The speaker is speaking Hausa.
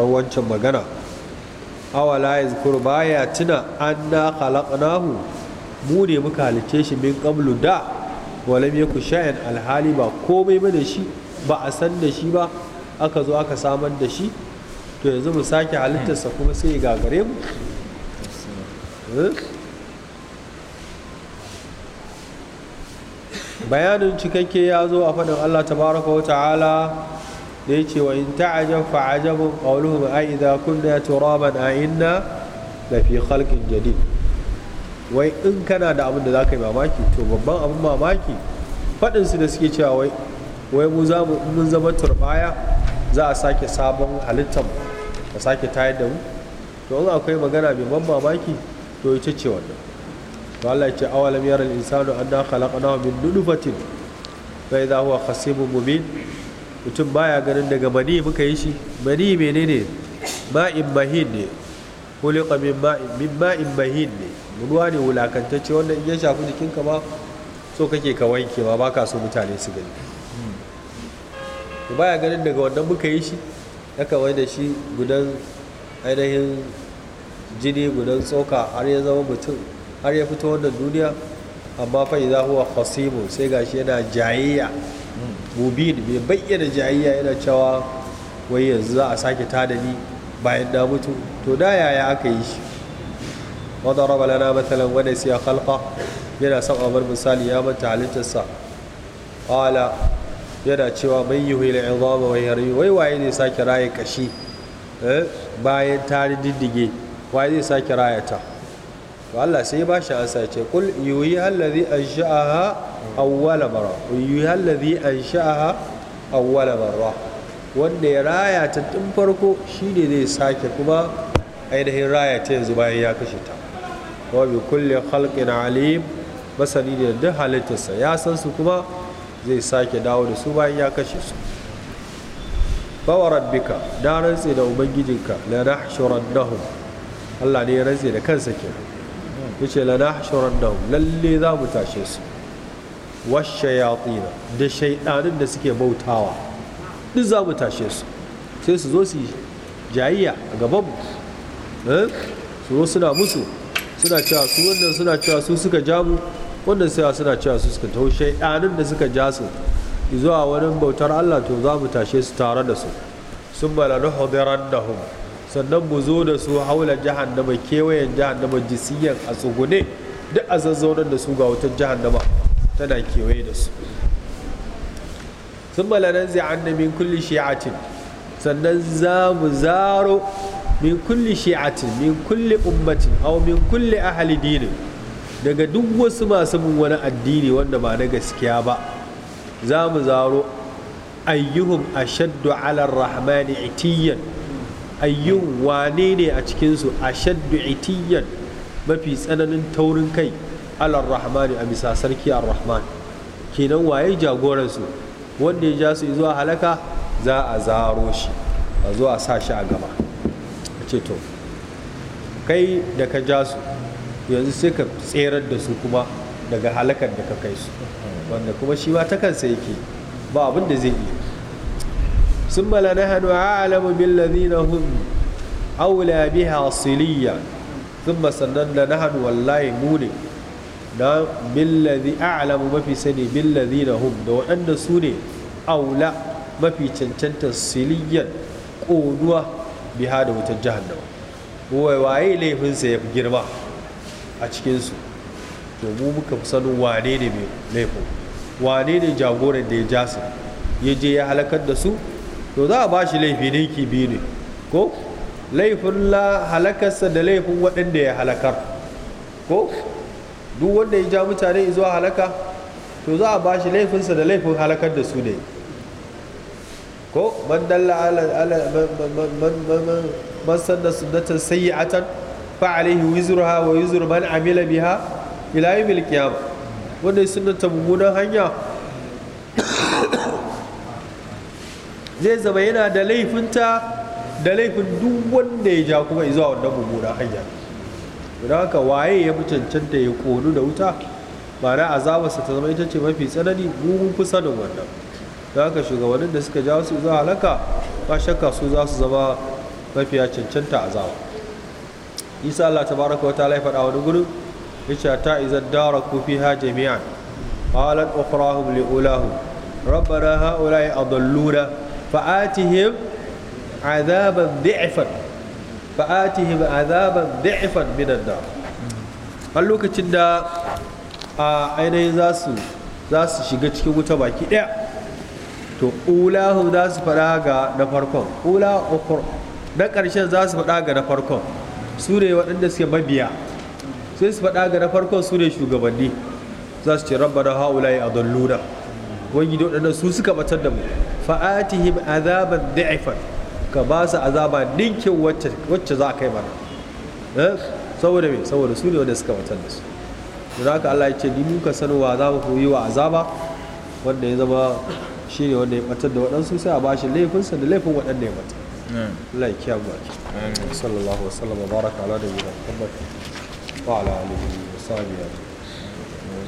karɓar wancan magana awala ya ba baya tuna anna khalaqnahu mu ne muka halice shi min ƙamlu da walam ya ku sha'in alhali ba komai ba da shi ba a san da shi ba aka zo aka samar da shi to yanzu mu sake halittarsa kuma sai ga gare mu eh? bayanin cikakke ya zo a faɗin allah tabaraka wa ta'ala da ya ce wa in ta'ajab fa ajabun qawluhum a idza kunna turaban a inna la fi khalqin jadid wai in kana da abin da zaka yi mamaki to babban abin mamaki faɗin su da suke cewa wai wai mu za mu mun zama turbaya za a sake sabon halittar a sake tayar da mu to in akwai magana mai ban mamaki to ita ce wannan to Allah ya ce awalam yara al-insanu anna khalaqnahu min nutfatin fa idha huwa khasimun mubin mutum baya ganin daga mani muka yi shi mani menene ma'in mahin ne kulika min ma'in mahin ne ruwa ne wulakantacce wanda in ya shafi jikinka ba so kake ka wanke ba baka so mutane su gani baya ganin daga wannan muka yi shi ya kawai da shi gudan ainihin jini gudan tsoka har ya zama mutum har ya fito wannan duniya amma fa idza huwa khasimun sai gashi yana jayayya da bai bayyana jayayya yana cewa wai yanzu za a sake tada bayan na mutu to da yaya aka yi shi wadda raba lana matalan wadda siya kalfa yana son abar misali ya manta halittarsa ala yana cewa mai yi hula yan zama wai yari wai waye ne sake raye kashi eh, bayan tarin diddige waye zai sake ta. to Allah sai ba shi ansa ce kul yuhi allazi ansha'aha awwala marra yuhi allazi ansha'aha awwala marra wanda ya raya ta tun farko shine zai sake kuma ainihin raya ta yanzu bayan ya kashe ta wa bi kulli khalqin alim masani da duk halittarsa ya san su kuma zai sake dawo da su bayan ya kashe su bawa rabbika da rantse da ubangijinka la nahshurannahum Allah ne ya rantse da kansa kenan yace la nahshurannahum lalle za mu tashe su Washe washayatin da shaidanin da suke bautawa duk za mu tashe su sai su zo su jayayya a gaban mu eh? su zo suna musu suna cewa su wannan suna cewa su suka ja mu wannan sai suna cewa su suka tau shaidanin da suka ja su zuwa wani bautar Allah to za mu tashe su tare da su sun bala nuhudirannahum sannan mu zo da su haula jahannama kewayen jahannama jisiyan a tsugune duk a zazzaunar da su ga wutar jahannama tana kewaye da su sun malaran zai anna min kulli shi'atin sannan za mu zaro min kulli shi'atin min kulli ummatin au min kulle ahli dini daga duk wasu masu bin wani addini wanda ba na gaskiya ba za mu zaro ayyuhum ashaddu ala rahmani itiyan ayyun wane ne a cikinsu a shaddu itiyan mafi tsananin taurin kai alar rahmani a bisa sarki ar rahman kenan waye jagoransu wanda ya ja su zuwa halaka za a zaro shi a zo a sa shi a gaba a ce to kai da ka ja su yanzu sai ka tserar da su kuma daga halakar da ka kai su wanda kuma shi ma ta kansa yake ba abin da zai yi. ثم لنحن أعلم بالذين هم أولى بها صليا ثم سنن لنحن والله موني na billazi a'lamu mafi sani billazi na hum da waɗanda su ne aula mafi cancanta siliyan ƙoduwa biha da wutar jahannama wai waye laifinsa ya fi girma a cikinsu to mu muka fi sanin wane ne mai laifin wane ne jagoran da ya ja su ya je ya halakar da su to za a ba shi laifi ninki biyu ne ko laifin la halakarsa da laifin waɗanda ya halakar ko duk wanda ya ja mutane zuwa halaka to za a ba shi laifinsa da laifin halakar da su ne ko man dalla ala ala man sanna sunnatan sayyi'atan fa alaihi wizruha wa wizru man amila biha ila yawmil qiyamah wanda sunnata mummunan hanya zai zama yana da laifinta da laifin duk wanda ya ja kuma zuwa wannan mummunan hanya don haka waye ya fi cancanta ya konu da wuta Ba na azabarsa ta zama ita ce mafi tsanani gugun fi sanin wannan don haka shugabannin da suka ja su zuwa halaka ba shakka su za su zama mafiya cancanta azaba isa allah ta baraka wata laifar a wani gurin ce ta izar dara ku fiha jami'an qalat ukhrahum li ulahum rabbana haula'i adalluna فآتهم azaban da'ifan فآتهم azaban da'ifan minan da har lokacin da a ainihin za su shiga cikin wuta baki ɗaya to ulahu za su faɗa ga na farkon ula ukur na ƙarshen za su faɗa ga na farkon su ne waɗanda suke mabiya sai su faɗa ga na farkon su ne shugabanni za su ce rabba na haula ya adalluna ubangiji waɗannan su suka batar da mu fa'atihim azaban da'ifan ka ba su azaba dinkin wacce za a kai mana eh? saboda me saboda su ne wanda suka batar da su don haka Allah ya ce ni muka wa za mu koyi wa azaba wanda ya zama shi ne wanda ya batar da waɗansu sai a ba shi laifinsa da laifin waɗanda ya batar Allah ya kiyaye baki sallallahu alaihi wa sallam baraka ala nabiyina Muhammad wa ala alihi wa sahbihi